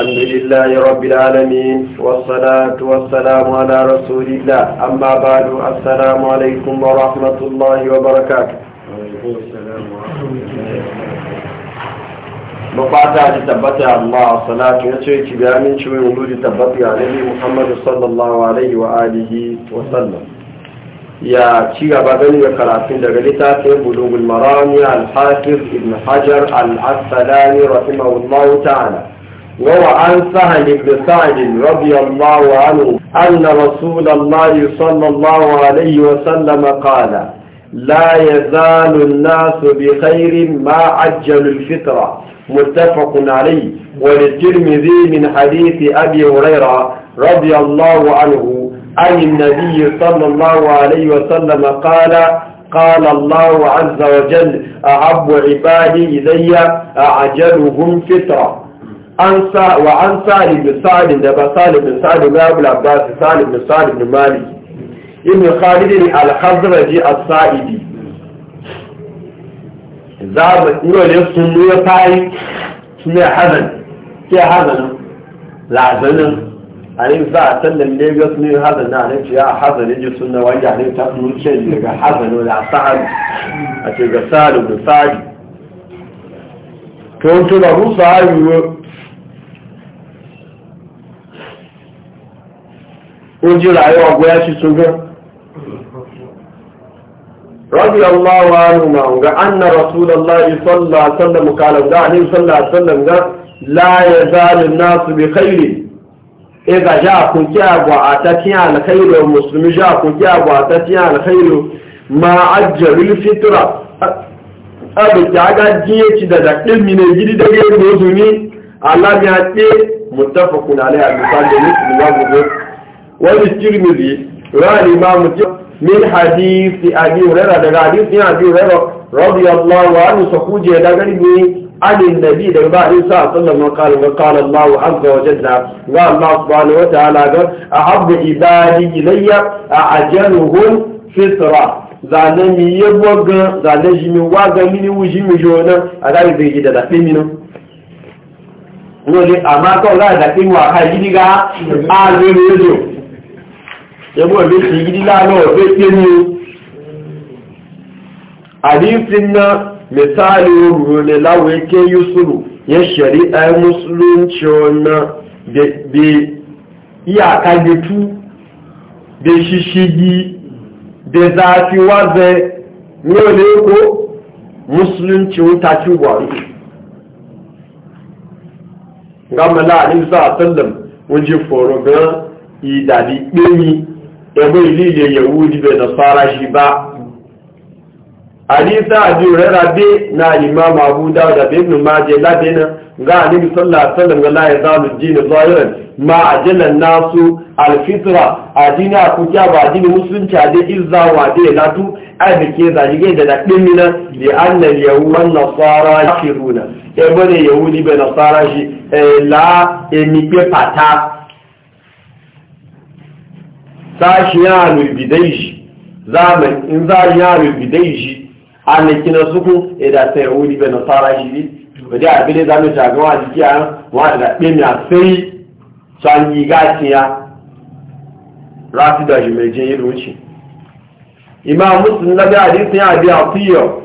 الحمد لله رب العالمين والصلاة والسلام على رسول الله أما بعد السلام عليكم ورحمة الله وبركاته مقاطعة تبتع الله صلاة يسوي تبامين شوي ولود تبتع عليه محمد صلى الله عليه وآله وسلم يا شيخ أبابين وكراتين لغلتات بلوغ المرام الحافظ ابن حجر العسلاني رحمه الله تعالى وهو عن سهل بن سعد رضي الله عنه أن رسول الله صلى الله عليه وسلم قال لا يزال الناس بخير ما عجل الفطرة متفق عليه وللترمذي من حديث أبي هريرة رضي الله عنه عن النبي صلى الله عليه وسلم قال قال الله عز وجل أحب عبادي إلي أعجلهم فطرة ansa wa an salim bin salim da ba salim bin salim ya abu labbas salim bin salim bin mali ibn khalid bin al-khazraji as-sa'idi za mu iro ne sun ya fayi sun ya hazan ke hazan lazanin a ne za a san da sun ne hazan na nan ya hazan ne ji na wanda ne ta ce daga hazan da sa'adu a ce ga salim bin salim to to da rusa ayyuwa ojú ràyọ ọgbẹ́ ṣiṣun gan rọ́bí ọlọ́wọ́ àrùn àwọn ga anna rasulallah isọ́lá sallam kalam da ní isọ́lá sallam ga láyé zalin nasu bi khairi iga ja kunki agwa a ta tiya alkhairu musulmi ja kunki agwa a ta tiya alkhairu ma ajjaril fitra abu ta ga jiye ci da daɗin mine gidi da gari da wasu ni alam ya ce mutafakun alai al-misali da musulmi ya gudu وللترمذي روى الإمام من حديث أبي هريرة دقى حديث أبي هريرة رضي الله عنه سخوجي دقى عن النبي صلى الله عليه وسلم وقال وقال الله عز وجل قال الله سبحانه وتعالى أحب عبادي إلي أعجلهم فطرة zane mi ye gbɔgan zane zi mi wa gan mi ni wu zi mi yo na ala yi gbèjì dada fi mi na wọ́n lé àmà kọ́ ọ̀gá àdàkí mu àká yìí ní ká á lórí rédíò yabo da shi gidi lalo da kini hadisin na misali rune lawe ke yusuru ya shari'a musulunci na da iyaka da tu da shishigi da zafi waze ne ko musulunci wuta ci gwari gama la'adisa a sallam wajen foro gan idadi ɗini ẹgbẹ́ ilé ilẹ̀ yahudi bẹ̀ nasara shi ba hadisa abi rera be na imam abu dawud abi ibn majah ladina ga annabi sallallahu alaihi wasallam ga la yazalu din zahiran ma ajala nasu alfitra adina ku ja ba adini musulunci ade izza wa de latu abike da jige da dimina li anna yahuwa nasara yakiruna e bane yahudi be nasara shi eh, la emi pe pata sashi ya rubidai shi zamani in za ya rubidai shi a na kina suku idan e sai wuri bai nasara shi ne ba dai abin da zamu shaga wa jiki a wa da ɗin na sai san yi gaciya rafi da shi mai jin yi imam muslim na ga hadisi ya bi afiyo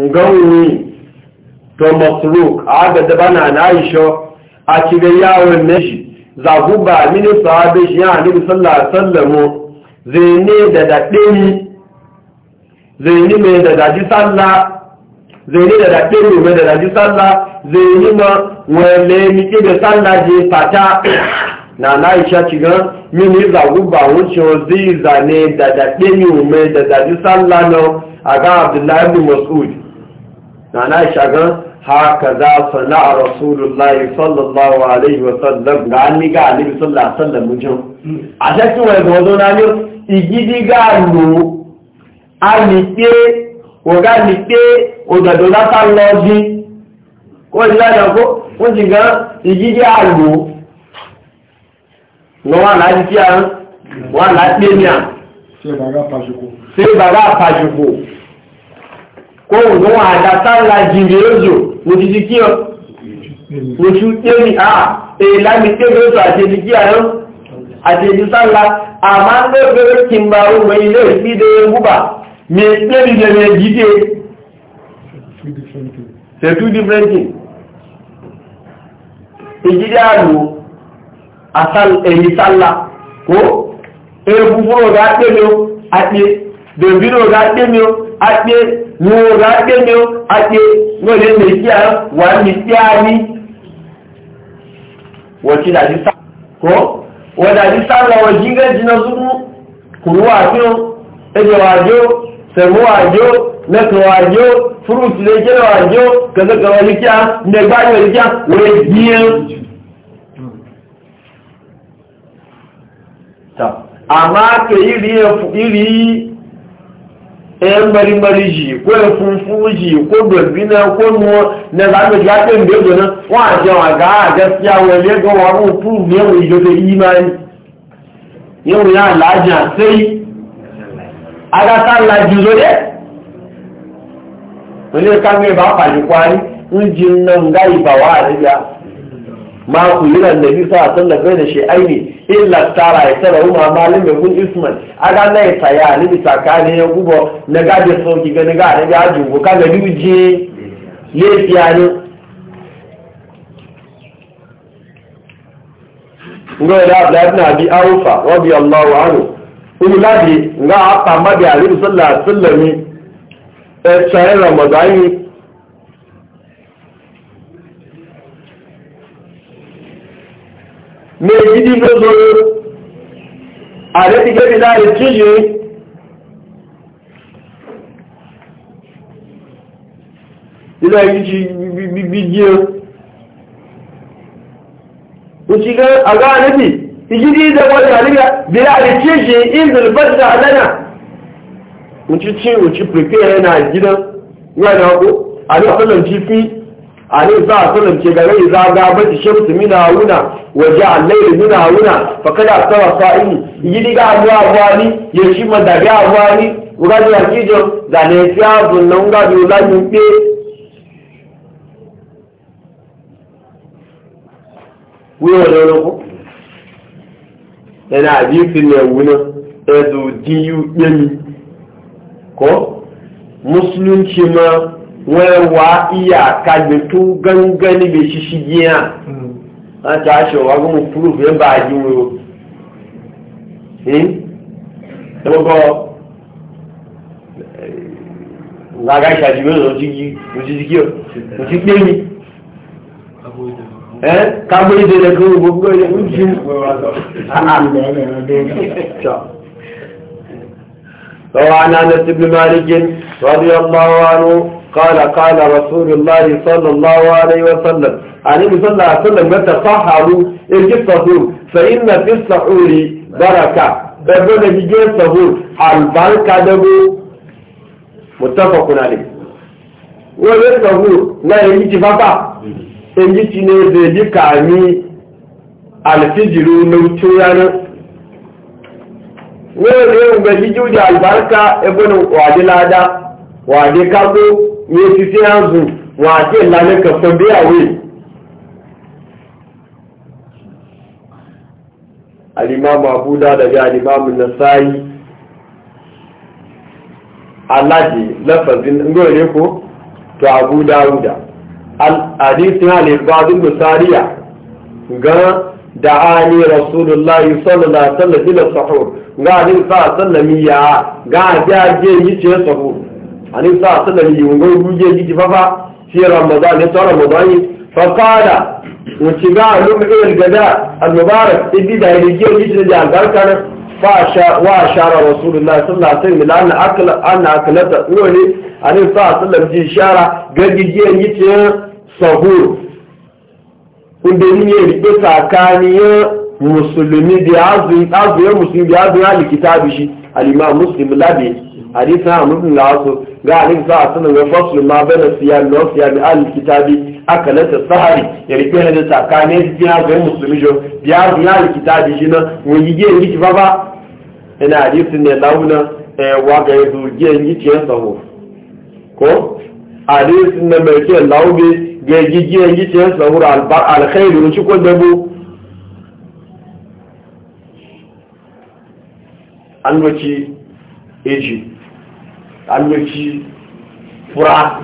ngawuni to masruk a ga da bana na aisha a kiga yawon nashi zaguba mini sahabe shi ya nabi sallallahu alaihi wasallam zaini da dadini zaini mai da daji sallah zaini da dadini mai da daji sallah zaini ma wale mi ki da sallah je fata na na isha ciga mini zaguba wuce zai zane da dadini mai da daji sallah no aga abdullahi bin mas'ud na na isha gan hakaza sana'a rasulullahi sallallahu alaihi wasallam ga an niga alibi sallallahu alaihi wasallam a ṣẹ́kí wọ́n ẹ̀gbọ́n tó náà ní ìgídígá lò a lè pé ọ̀gá lè pé òdàdó látà lọ bí kó ìlànà kó ó sì gan ìgídí àlò lọ wà láti kí a wà láti pé ní à ṣe bàbá àpàjùkò kóhùn ní wọn àdásá ńlá jìnrì òjò mo ti ti kí ọ mo ṣú tẹ́lì à èèlà mi tẹ́lì òjò àti èdè kí àárọ̀ àti èdè sáńlá àmá ń lọ́gbẹ̀rẹ̀ kí n bá ọmọ ilé ìpídé wúbà mi tẹ́lì jẹ̀rẹ̀ jíde they're two different things ìjídé àlò èyí sáńlá kó ewu dòbínú ọ̀gá gbẹ́mi ó àti ní ọ̀gá gbẹ́mi ó àti wọ́n lè lè sí àá wà ní sí àá ní wọ́n ti dàjú sá kọ́ wọ́n dàjú sá lọ wọ́n jí gẹ́ jiná súnmú kùrú àjò ẹjọ́ àjò sẹ̀mú àjò mẹ́tọ̀ àjò fúrúùtù lè jẹ́ àjò kẹsẹ̀kẹ̀rọ ní kí á nẹgbà yóò ní kí á wọ́n jí ẹ́ kèyí rí yan marimari ji ko yan funfu ji ko dolbina ko nuwa na zaɓe ya ɗin da yanzu nan wa a jawa ga a gaskiya wa ne ga wa mu tu ne mu yi da imani yau ya laja sai a ga ta laji zo ne wani kan ba fali kwari in ji nan ga ibawa a riga ma ku yi ran nabi bisa a da bai da shi aini illa tara ya tara huma malin da kun isman aga na ya taya ni bi tsakanin ya gubo na ga da sauki ga na ga da ga jugo ka ga duje lefiya ne ngo da Abdullah ibn Abi Awfa radiyallahu anhu kun ladi nga apa mabi Ali sallallahu alaihi wasallam e tsaye Ramadan mai gidi lozoro a da ti gabi na rikishi ila yi bidiyo uciga a ga nufi igidi da wani halitta bila rikishi inda albasa alana uci ci uci prepare na gidan yana ko a ne a tsallanci fi a ne za a tsallanci gare za a gabar da shamsu mina wuna وجاء الليل من هنا فقد أبطر صائمي يجي لك أبو أبواني يشي مدى أبواني وقال يحكي جو ذلك يا ظنونغا بيولا يمكي wíwọ̀n lọ́kọ́ ẹ̀nà àdífin ẹ̀wù náà ẹ̀dù díyú pẹ́mi kọ́ musulunci ma wọ́n wá iya kagbẹ̀ tó gangan níbi ṣíṣí yíyàn láti aṣọ agbóhùn púrúfù ẹ̀ ń bá àjú wọn o lọ́gbọ́ lága ìṣàjú mẹ́rin ló ti yí ló ti kí ọ ló ti pé mi ẹ́ kágbó ìdè rẹ̀ kó gbogbo ẹ̀ ń jí lọ́wọ́ anáà lọ́sibí قال قال رسول الله صلى الله عليه وسلم عليه صلى الله عليه وسلم يتصحروا اجفتهم فإن في السحور بركة بابنا جيجي السحور البركة دبو متفق عليه wọ́n sọ̀rọ̀ náà èyí ti bábà èyí ti ní èdè èyí kà ní àlìsíjìrò lóò tí ó yánú wọ́n rí ẹgbẹ̀ jíjú jẹ́ àlìbáríkà ẹgbẹ́ wàdí ládá wàdí kágbó ye le ka fo bi awi al imam abu da da al imam an-nasai alaji lafazin ngo ne ko to abu dauda al-hadithin al-ibadin musariya ga da'ani rasulullahi sallallahu alaihi wasallam ila sahur ga ni fa sallamiya ga je yi ce sahur عليه الصلاة والسلام يقول يجي يجي ففا في رمضان يطلع رمضان فقال واتباع لهم إلى الغداء المبارك إدي ده يجي يجي يجي عن ذلك وأشار رسول الله صلى الله عليه وسلم لأن أكل أن أكلته أولي عليه الصلاة والسلام في إشارة قد يجي يجي sahur inda ni ne rike tsakaniyar musulmi da azuyar musulmi da azuyar likita bishi al'imam muslim labe hadisan a muslim da wasu ga alif za a sanar da fasul ma bana siya da wasu ya bi alif kitabi aka lata sahari ya rike na da tsakanin jiya ga musulmi jo biya biya alif shi na wani giyan gici ba ba ina hadisin ne launa eh, wa ga yanzu giyan gici ya sahu ko hadisin ne mai ke laube ga giyan gici ya sahu alkhairu shi ko dabo an wace eji ta noci fura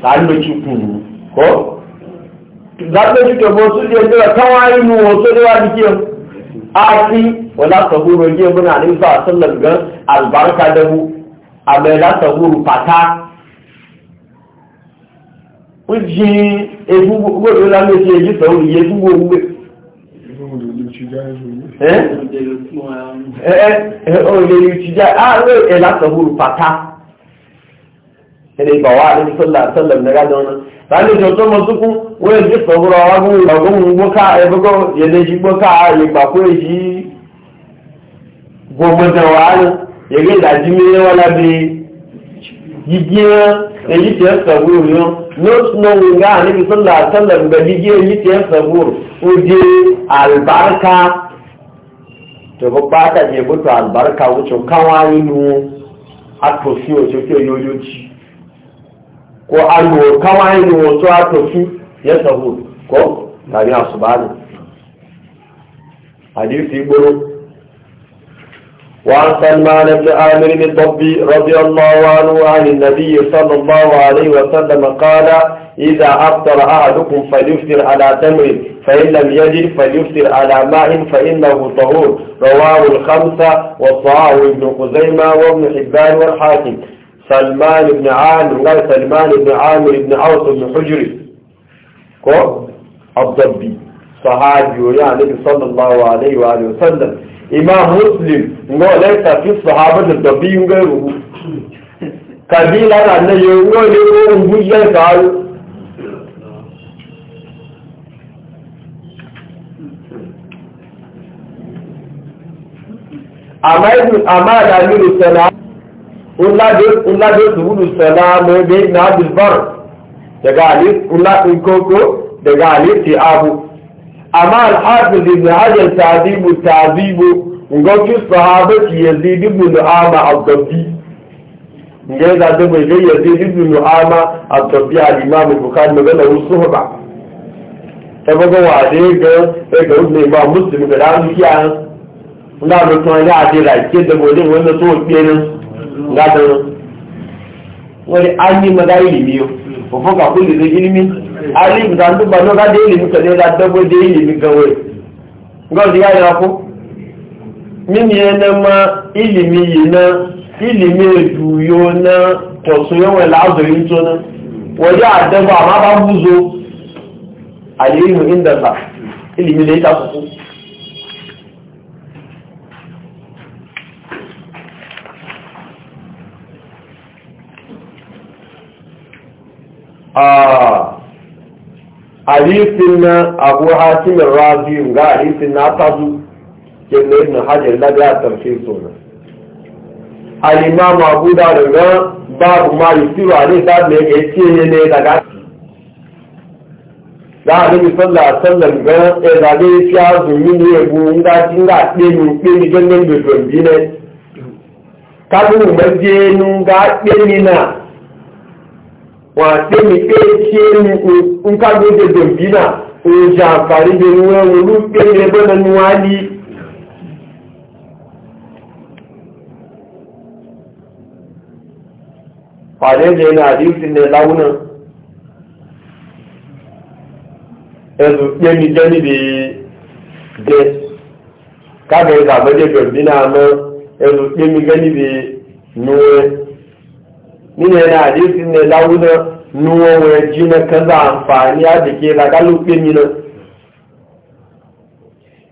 ta noci kunu ko zaɓe shi kebo su je jira kawai mu wasu da wani ke aki wala sahuru je muna ne ba sallan ga albarka da mu a mai la sahuru fata uji ebu go la me se ji sahuru ye bu go ngbe eh eh o le ti ja ah e la sahuru ẹni ìbàwá àdébí sọ́là sọ́là ìnagádọ́ ọ̀nà láti ìjọ tó mọ́ sókún wọ́n èdè sọ̀rọ̀ ọgbọ́n ìgbàgbọ́n gbọ́ká ẹgbẹ́gbọ́ yẹ̀lẹ́jì gbọ́ká ìgbàkó èyí gbọmọdé wà á yẹ̀gẹ́ ìdájí mẹ́rin wọn lábẹ́ yíyí èyí tí ẹ sọ̀rọ̀ yọ ó ko alwo kawai ne wato a tafi ya taho ko tare a su ba ne hadisi guru وعن سلمان بن عامر الضبي رضي الله عنه عن النبي صلى الله عليه وسلم قال إذا أفطر أحدكم فليفطر على تمر فإن لم يجد فليفطر على ماء فإنه طهور رواه الخمسة وصاه ابن خزيمة وابن حبان والحاكم سلمان بن عامر قال سلمان بن عامر بن عوف بن حجري كو الضبي صحابي يعني النبي صلى الله عليه واله وسلم امام مسلم هو ليس في الصحابه الضبي غيره قبيله ان يقول له وجه قال أما أما الأمير السلام unlade zuhulu salamu ne na bilbar daga alif unladin koko daga alif ti abu amma alhafiz ibn hajar tazibu tazibu ngoki sahabati yazid ibn nu'ama abdabi ngai da da bai gai yazid ibn nu'ama abdabi al-imam bukhari magana usuhba ta bago wade ga ga ne ba muslim da ran kiyan na mutun ya da ke da bodin gado wani ayi mada ilimi yau ofo ka kulli da ilimi alim da ndu bano ga de ilimi kale da dabo de ilimi gawe ngo ya ko mimi ene ma ilimi yina ilimi eduyo na tosuyo wala azuri tona wadi adaba ma ba buzo alimu ta ko hadisin na abu hatimin razi ga hadisin na tazu kenan ibn hajar la da tafsir sunan al-imam abu da daga babu ma yusiru alai da ne ya ce ne ne daga da alibi sallallahu alaihi wasallam ga e da ne ya zumi ne bu inda tinga de ni pe ni gannen be don bi ne kabu maje nun ga de ni na wàtẹ́mi pé kí ní nkágbédé dòmbínà òjà àfàrígbé ní wọ́n olú péré bọ́nà ní wọ́n á ní pàdéjẹ́ ní àdíkì ní láwúnà ẹ̀sùn pẹ́mi jẹ́ níbi jẹ́ kábẹ̀ẹ́ ìdàmọ́dé dòmbínà mọ́ ẹ̀sùn pẹ́mi jẹ́ níbi núwẹ́ nínú ẹ̀nà àdéhùn ní ẹ̀láwó náà nu ọwọ́ ẹ̀jí náà kan bá àǹfààní àdèké làgálù pé mi náà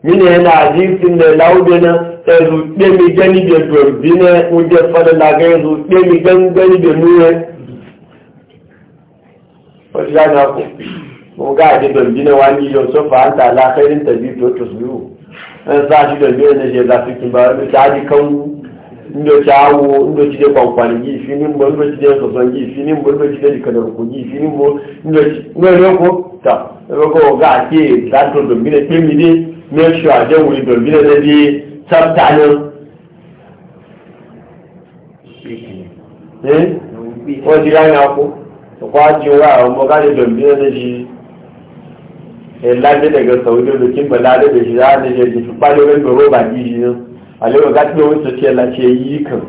nínú ẹ̀nà àdéhùn ní ẹ̀láwó náà ẹ̀rù pé mi gẹ́ níbi ẹ̀dùn ẹ̀bí náà ó jẹ́ fọ́dọ̀ làgẹ́ ẹ̀rù pé mi gẹ́ níbi ẹ̀mú rẹ̀ ó ti dáná kù mo gá náà wá ní iyọ̀ sọ́fà ndoci awo ndoci de kwankwani gi fini mbo ndoci de soson gi fini mbo ndoci de dikadorku gi fini mbo ndoci nwere ko ta ko ga ke ta to dombine kemi de make sure de wuri dombine de di tsabtanin wọ́n ti ráyìn akó ọ̀pọ̀ àti owó ọmọ káàdì dọ̀bí náà lè ṣe ẹ̀lájẹ́dẹ̀gẹ̀ sọ̀rọ̀ lórí kí n pẹ̀lú adébẹ̀ṣẹ̀ láti ṣe ìfipá lórí ẹgbẹ̀rún ọba yìí náà alewa ga tiyo wasu ce la ce yi kan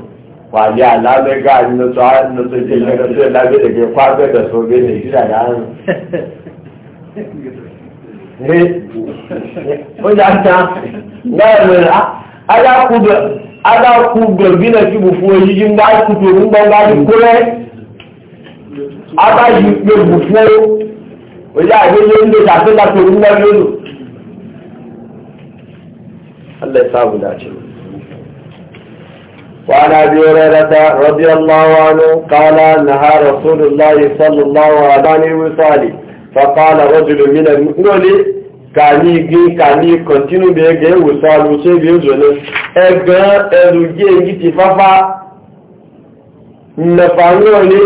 wali ala da ga na so har na so ce la ce la da ke kwazo da so be ne jira da an ne ko da ta na mu a ala ku da ala ku da bina ki bu fuwa yi jin da ku to mun ban ga ku ne aba yi pe bu o ya ge le ndo da se da to mun ga lo Allah ya sabu dace mu وعن أبي هريرة رضي الله عنه قال نهى رسول الله صلى الله عليه وسلم فقال رجل من المؤمنين kàní gé kàní kọ̀tínú bí ẹgbẹ̀ ìwòsàn alùsẹ́ bí ó zọ̀lẹ́ ẹgbẹ̀ ẹrù jẹ́ èyí ti fáfá nẹfà náà ní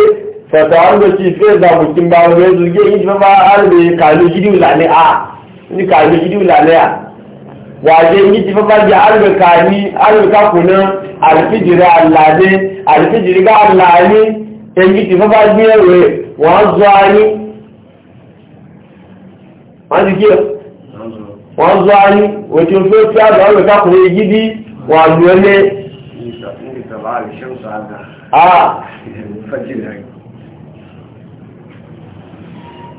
fẹ̀tọ̀ àgbẹ̀tì ìfẹ́ ìdàmù ti bá ọmọ ẹrù jẹ́ èyí ti fáfá wajen yi tifafa da alwuka ni alwuka kuna alfijiri allade alfijiri ga allani ɗan yi tifafa biyarwe wọn zuwa ni wọn jike wọn zuwa ni wajen sofiya da alwuka kuna yi gidi wọn zuwa ne a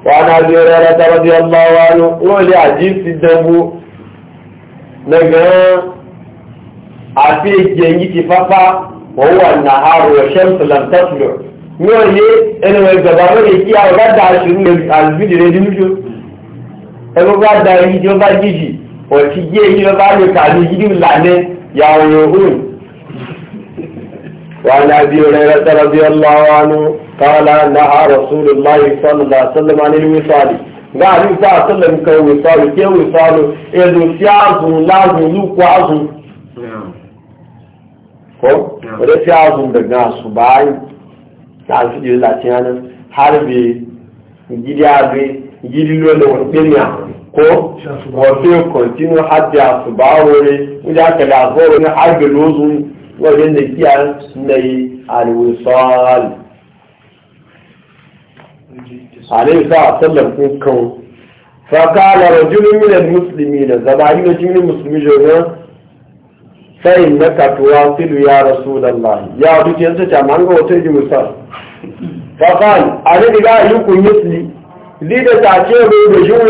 وعن ابي هريره رضي الله عنه قول عجيب في الدبو daga àti èyí ti fáfá wọ́n wà náà rọ̀ ṣẹ́mtù lantaflo ní ọ̀lẹ́ ẹnu ẹgbẹ̀bà lórí kí a ọ̀gá dá aṣòrò àlùbídì rẹ̀ nílùú ẹgbẹ́ bá da èyí tí ó bá jìjì ọ̀tí gé èyí ló bá lè kàlù yídì lànà yàwó yòhùn wà lábí rẹ̀ rẹ̀ tẹ́lẹ̀ bí ọlọ́wọ́ nù kọ́lá náà rọ̀ sólù láyé sọ́lù gari ta sallar kan wisalu ke wisalu edo si azun lazun lukku azun ko wadda si azun daga su bayi ta su ji lati yana har bi gidi abe gidi lola wani penya ko wato kontinu hajji a su ba wuri wadda aka da zuwa wani har bi lozun wajen da kiyan na yi alwisalu عليه الصلاة والسلام كون فقال رجل من المسلمين زباني نجي من المسلمين جونا فإنك تواصل يا رسول الله يا رجل ينسى جمعان وتجي مصر فقال أنا لقاء يكون مثلي لذا تعجب بجول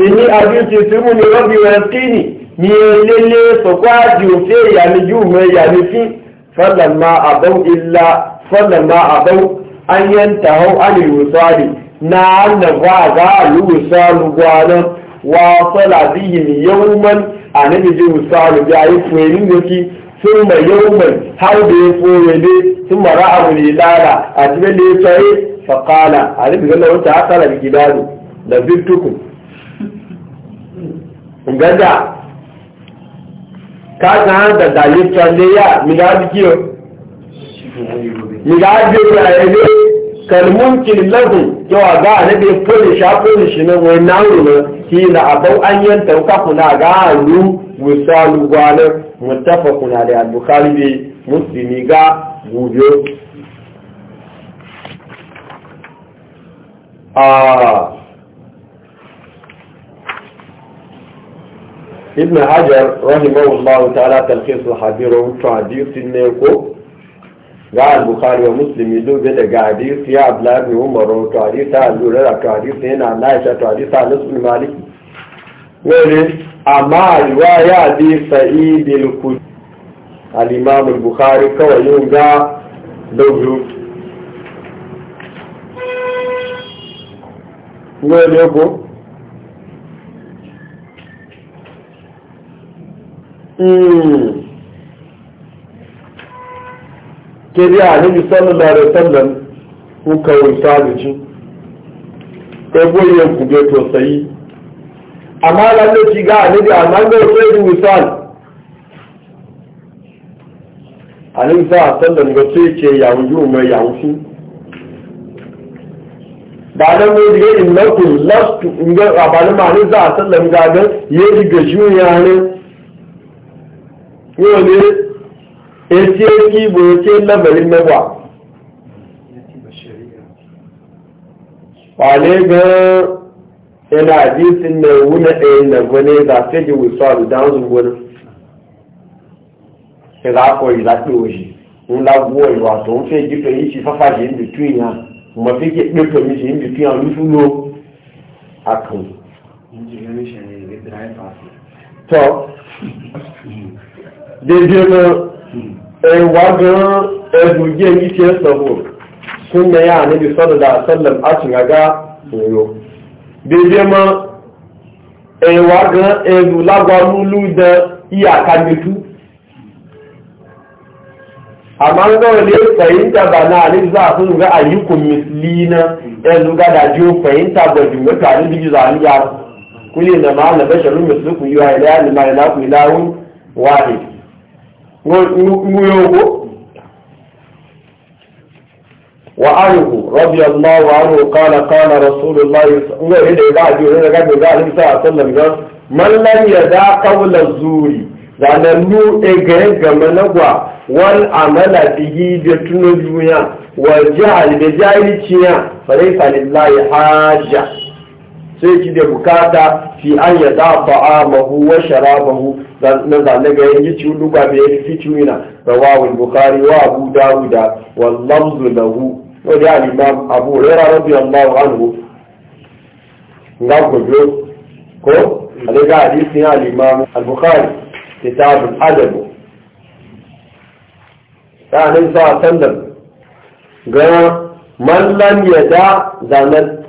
إني أبيت يسمني ربي ويسقيني من الليل فقعد يوفي يعني جوم يعني في فلما أبوا إلا فلما أبوا أن ينتهوا عن الوصال na na gwaga lusalu gwanan wa sala bihi yawman anabi ji usalu ya yi fuyin yaki sun ma yawman har da ya foye ne sun ma ra'abu ne lara a cikin da ya tsaye faƙala anabi zalla wata akala da gidanu da birtuku gada ka san da da ya tsaye ya miladi kiyo miladi ya yi kalmunkin lahu yawa ga na bai fure sha fure shi nan wai na wuri shi na abau an yanta ka kuna ga alu misalu gwanar mutafa kuna da al-bukhari bi muslimi ga gujo a ibn hajar rahimahullahu ta'ala talqis al-hadir wa ta'dir sinne ko قال البخاري ومسلم يدو بيت قاديس يا عبد عمر وقاديس يا لولا قاديس هنا عائشة قاديس على اسم المالك ولي أما رواية دي سعيد الكل الإمام البخاري كو يوم جاء دوجو ولي أبو Mmm. ke bi a nabi sallallahu alaihi wasallam ku kawai sabici kai boye ku be to sai amma lalle ci ga nabi amma ga sai du misal alim sa sallan ga sai ce ya wuju mai ya wuju ba da mu diga innakum lastu inga abalin ma ne za sallan ga ga yaji ga shi ya ne yau ne eti eti bo eti lamarin mewa wale ga ina hadisin na wuna ɗaya na gwani za ta ji wisa da dan zuwani ya za ko yi za ɗi oji n laguwa yi wato n fe gife yi ci fafa ji in bitu ya ma fi ke ɗeto mi ji in bitu ya rufu lo a kan to daidai na ẹ̀wà gan ẹ̀dùn yé ní ti ẹ̀ sọ̀rọ̀ fún mẹ́yà níbi sọ́dọ̀dà sọ́lọ̀m àtìyàgá òyò bèbè mọ́ ẹ̀wà gan ẹ̀dùn lágbàmú lúdẹ ìyàkàgbẹ̀tú àmá ń gbọ́rọ̀ lè fẹ̀yìntà bà náà ní ìzá fún ìgbà àyíkò mìsìlínà ẹnu gádà jí ó fẹ̀yìntà mẹ́ta ní bí ìzà ní yàrá kúlè nà máa nà bẹ́ṣẹ̀rú mìsìlíkù yóò àìlẹ́yà nìmáyìlá kù ìlàrún wáhìí ويوكو وعنه رضي الله عنه قال قال رسول الله من لم يدع قول الزور zanannu egere game na gwa wal amala bihi da tuno duniya wa jahal da jahilciya fa laysa lillahi hajja sai ji da bukata fi an ya da ta'amahu wa sharabahu na zane ga yanki ciwo lugba bai yi fi ciwo na rawawul bukari wa abu dawuda wa lamzu lahu wa da al-imam abu hurairah radiyallahu anhu ga gojo ko alaga hadisi na al al-bukhari kitab adab ta nan sa sallam ga man lam yada zanan